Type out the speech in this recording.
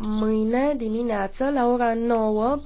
mâine dimineață la ora 9